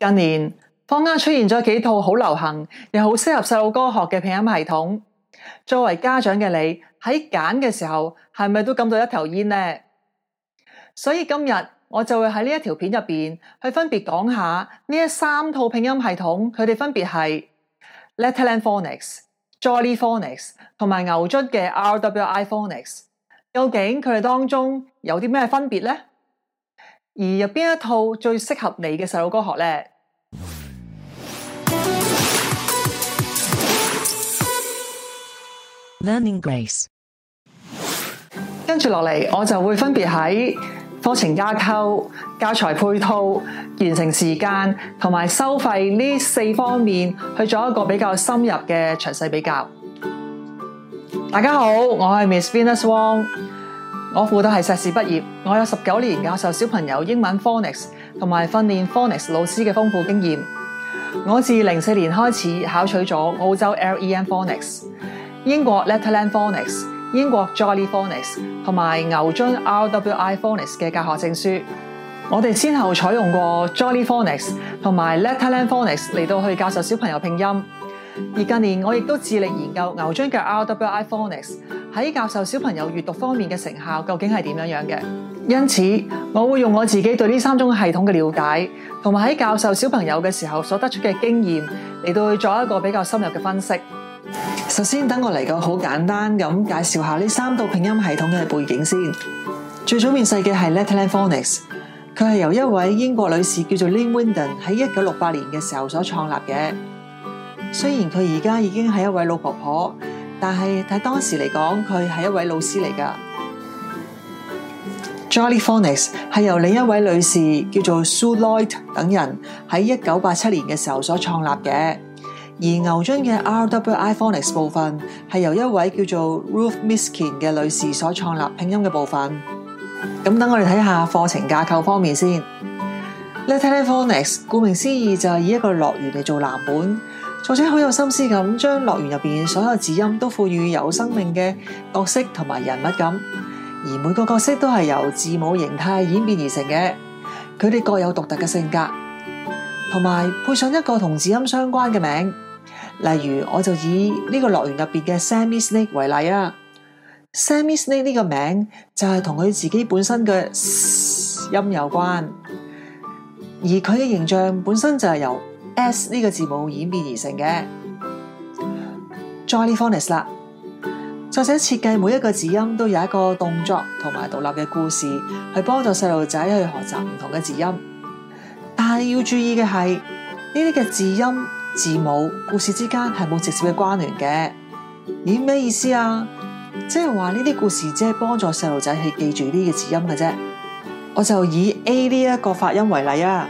近年，坊間出現咗幾套好流行，又好適合細路哥學嘅拼音系統。作為家長嘅你，喺揀嘅時候，係咪都感到一頭煙呢？所以今日我就會喺呢一條片入面去分別講下呢三套拼音系統，佢哋分別係 Letterland Phonics、Jolly Phonics 同埋牛津嘅 RWI Phonics。究竟佢哋當中有啲咩分別呢？而入邊一套最適合你嘅細路哥學呢？Learning Grace，跟住落嚟，我就會分別喺課程架構、教材配套、完成時間同埋收費呢四方面去做一個比較深入嘅詳細比較。大家好，我係 Miss Venus Wong，我輔導系碩士畢業，我有十九年教授小朋友英文 phonics 同埋訓練 phonics 老師嘅豐富經驗。我自零四年開始考取咗澳洲 LEM Phonics。英國 Letterland Phonics、英國 Jolly Phonics 同埋牛津 RWI Phonics 嘅教學證書，我哋先後採用過 Jolly Phonics 同埋 Letterland Phonics 嚟到去教授小朋友拼音。而近年我亦都致力研究牛津嘅 RWI Phonics 喺教授小朋友閱讀方面嘅成效究竟係點樣嘅。因此我會用我自己對呢三種系統嘅了解，同埋喺教授小朋友嘅時候所得出嘅經驗嚟到去做一個比較深入嘅分析。首先，等我嚟個好簡單咁介紹一下呢三套拼音系統嘅背景先。最早面世嘅係 Letterland Phonics，佢係由一位英國女士叫做 Lynn Wendon 喺一九六八年嘅時候所創立嘅。雖然佢而家已經係一位老婆婆，但係喺當時嚟講，佢係一位老師嚟㗎。Jolly Phonics 係由另一位女士叫做 Sue Lloyd 等人喺一九八七年嘅時候所創立嘅。而牛津嘅 RWI Phonics 部分係由一位叫做 Ruth Miskin 嘅女士所創立拼音嘅部分。咁等我哋睇下課程架構方面先。Letterland Phonics，顧名思義就係以一個樂園嚟做藍本，作者好有心思咁將樂園入面所有字音都賦予有生命嘅角色同埋人物感，而每個角色都係由字母形態演變而成嘅，佢哋各有獨特嘅性格，同埋配上一個同字音相關嘅名。例如，我就以呢個樂園入邊嘅 Sammy Snake 為例啊，Sammy Snake 呢個名就係同佢自己本身嘅音有關，而佢嘅形象本身就係由 S 呢個字母演變而成嘅。Jolly Phonics 啦，作者設計每一個字音都有一個動作同埋獨立嘅故事，去幫助細路仔去學習唔同嘅字音。但係要注意嘅係呢啲嘅字音。字母故事之間係冇直接嘅關聯嘅，咦？咩意思啊？即係話呢啲故事即係幫助細路仔去記住呢個字音嘅啫。我就以 A 呢一個發音為例啊。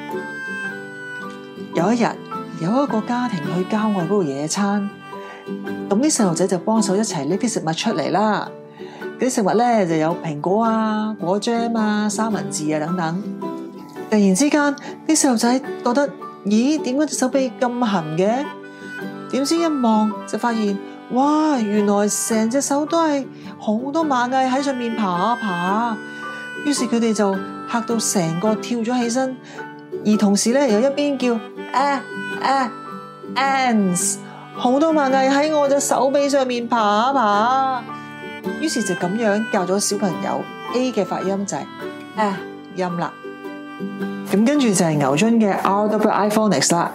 有一日，有一個家庭去郊外嗰度野餐，咁啲細路仔就幫手一齊拎啲食物出嚟啦。啲食物咧就有蘋果啊、果醬啊、三文治啊等等。突然之間，啲細路仔覺得。咦？點解隻手臂咁痕嘅？點知一望就發現，哇！原來成隻手都係好多螞蟻喺上面爬啊爬啊。於是佢哋就嚇到成個跳咗起身，而同時咧有一邊叫：誒誒 ants 好多螞蟻喺我隻手臂上面爬啊爬。於是就咁樣教咗小朋友 a 嘅發音仔、就係，誒、啊、音啦。咁跟住就係牛津嘅 RWI Phonics 啦。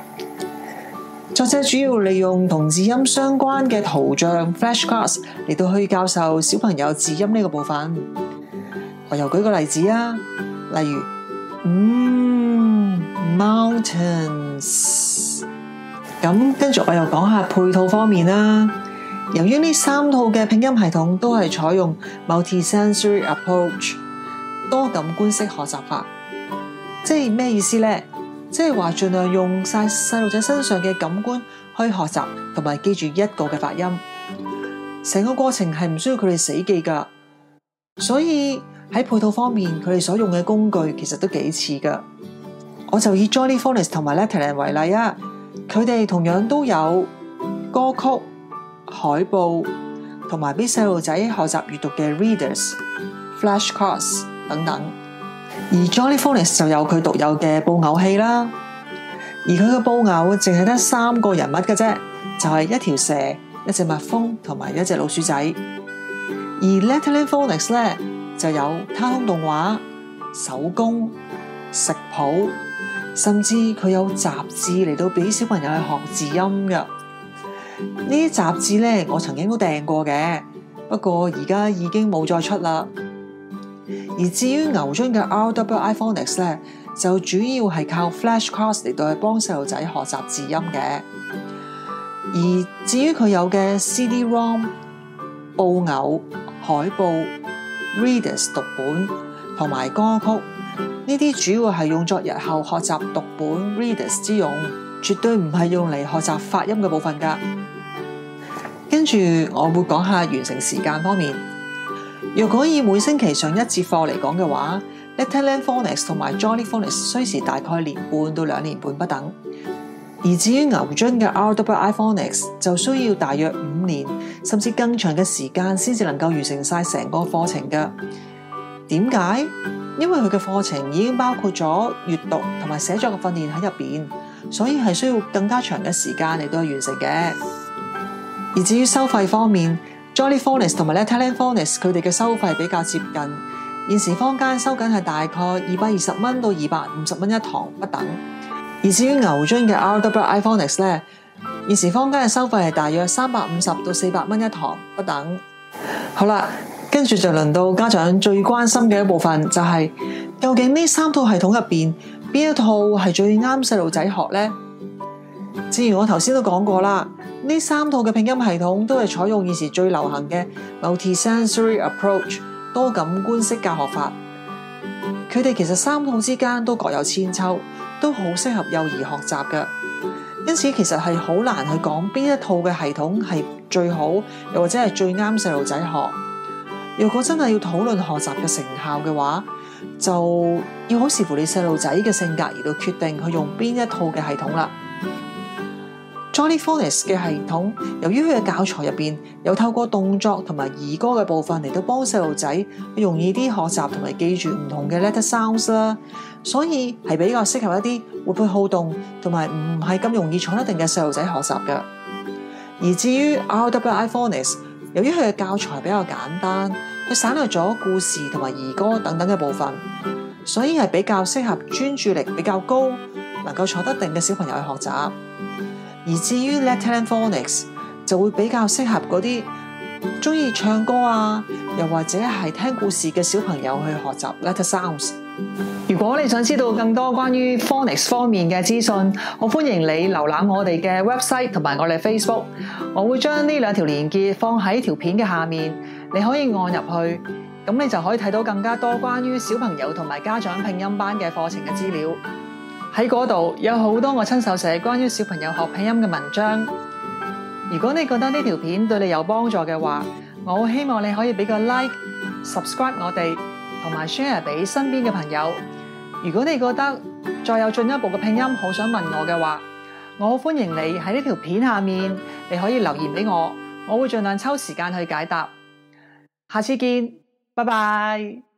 作者主要利用同字音相關嘅圖像 Flashcards 嚟到去教授小朋友字音呢個部分。我又舉個例子啊，例如嗯 Mountains。咁跟住我又講下配套方面啦。由於呢三套嘅拼音系統都係採用 Multisensory Approach 多感官式學習法。即係咩意思咧？即係話盡量用晒細路仔身上嘅感官去學習同埋記住一個嘅發音，成個過程係唔需要佢哋死記噶。所以喺配套方面，佢哋所用嘅工具其實都幾似噶。我就以 Jolly Phonics 同埋 Letterland 為例啊，佢哋同樣都有歌曲、海報同埋俾細路仔學習閱讀嘅 readers、flashcards 等等。而 Jolly Phonics 就有佢獨有嘅布偶戲啦，而佢嘅布偶淨係得三個人物嘅啫，就係一條蛇、一隻蜜蜂同埋一隻老鼠仔而呢。而 Letterland Phonics 咧就有卡通動畫、手工食譜，甚至佢有雜誌嚟到俾小朋友去學字音嘅。呢啲雜誌咧，我曾經都訂過嘅，不過而家已經冇再出啦。而至於牛津嘅 RWI Phonics 咧，就主要係靠 Flashcards 嚟到去幫細路仔學習字音嘅。而至於佢有嘅 CD-ROM、布偶、海報、Readers 讀本同埋歌曲，呢啲主要係用作日後學習讀本 Readers 之用，絕對唔係用嚟學習發音嘅部分㗎。跟住我會講下完成時間方面。如果以每星期上一節課嚟講嘅話， Letterland Phonics 同埋 Jolly Phonics 需時大概年半到兩年半不等。而至於牛津嘅 RWI Phonics 就需要大約五年，甚至更長嘅時間，先至能夠完成晒成個課程嘅。點解？因為佢嘅課程已經包括咗閱讀同埋寫作嘅訓練喺入面，所以係需要更加長嘅時間嚟到完成嘅。而至於收費方面，Jolly Phonics 同埋咧 Letterland Phonics 佢哋嘅收費比較接近，現時坊間收緊係大概二百二十蚊到二百五十蚊一堂不等。而至於牛津嘅 RWI Phonics 咧，現時坊間嘅收費係大約三百五十到四百蚊一堂不等。好啦，跟住就輪到家長最關心嘅一部分，就是，就係究竟呢三套系統入邊邊一套係最啱細路仔學呢？至於我頭先都講過啦。呢三套嘅拼音系統都係採用現時最流行嘅 Multisensory Approach 多感官式教學法。佢哋其實三套之間都各有千秋，都好適合幼兒學習嘅。因此，其實係好難去講邊一套嘅系統係最好，又或者係最啱細路仔學。如果真係要討論學習嘅成效嘅話，就要好視乎你細路仔嘅性格而決定去用邊一套嘅系統啦。Jolly Phonics 嘅系統，由於佢嘅教材入邊有透過動作同埋兒歌嘅部分嚟到幫細路仔容易啲學習同埋記住唔同嘅 letter sounds 啦，所以係比較適合一啲活潑好動同埋唔係咁容易坐得定嘅細路仔學習嘅。而至於 RWI Phonics，由於佢嘅教材比較簡單，佢省略咗故事同埋兒歌等等嘅部分，所以係比較適合專注力比較高、能夠坐得定嘅小朋友去學習。而至於 Letterland Phonics 就會比較適合嗰啲中意唱歌啊，又或者係聽故事嘅小朋友去學習 Letter Sounds。如果你想知道更多關於 Phonics 方面嘅資訊，我歡迎你瀏覽我哋嘅 website 同埋我哋 Facebook。我會將呢兩條連結放喺條片嘅下面，你可以按入去，咁你就可以睇到更加多關於小朋友同埋家長拼音班嘅課程嘅資料。喺嗰度有好多我親手寫關於小朋友學拼音嘅文章。如果你覺得呢條片對你有幫助嘅話，我希望你可以俾個 like、subscribe 我哋，同埋 share 俾身邊嘅朋友。如果你覺得再有進一步嘅拼音好想問我嘅話，我好歡迎你喺呢條片下面你可以留言俾我，我會盡量抽時間去解答。下次見，拜拜。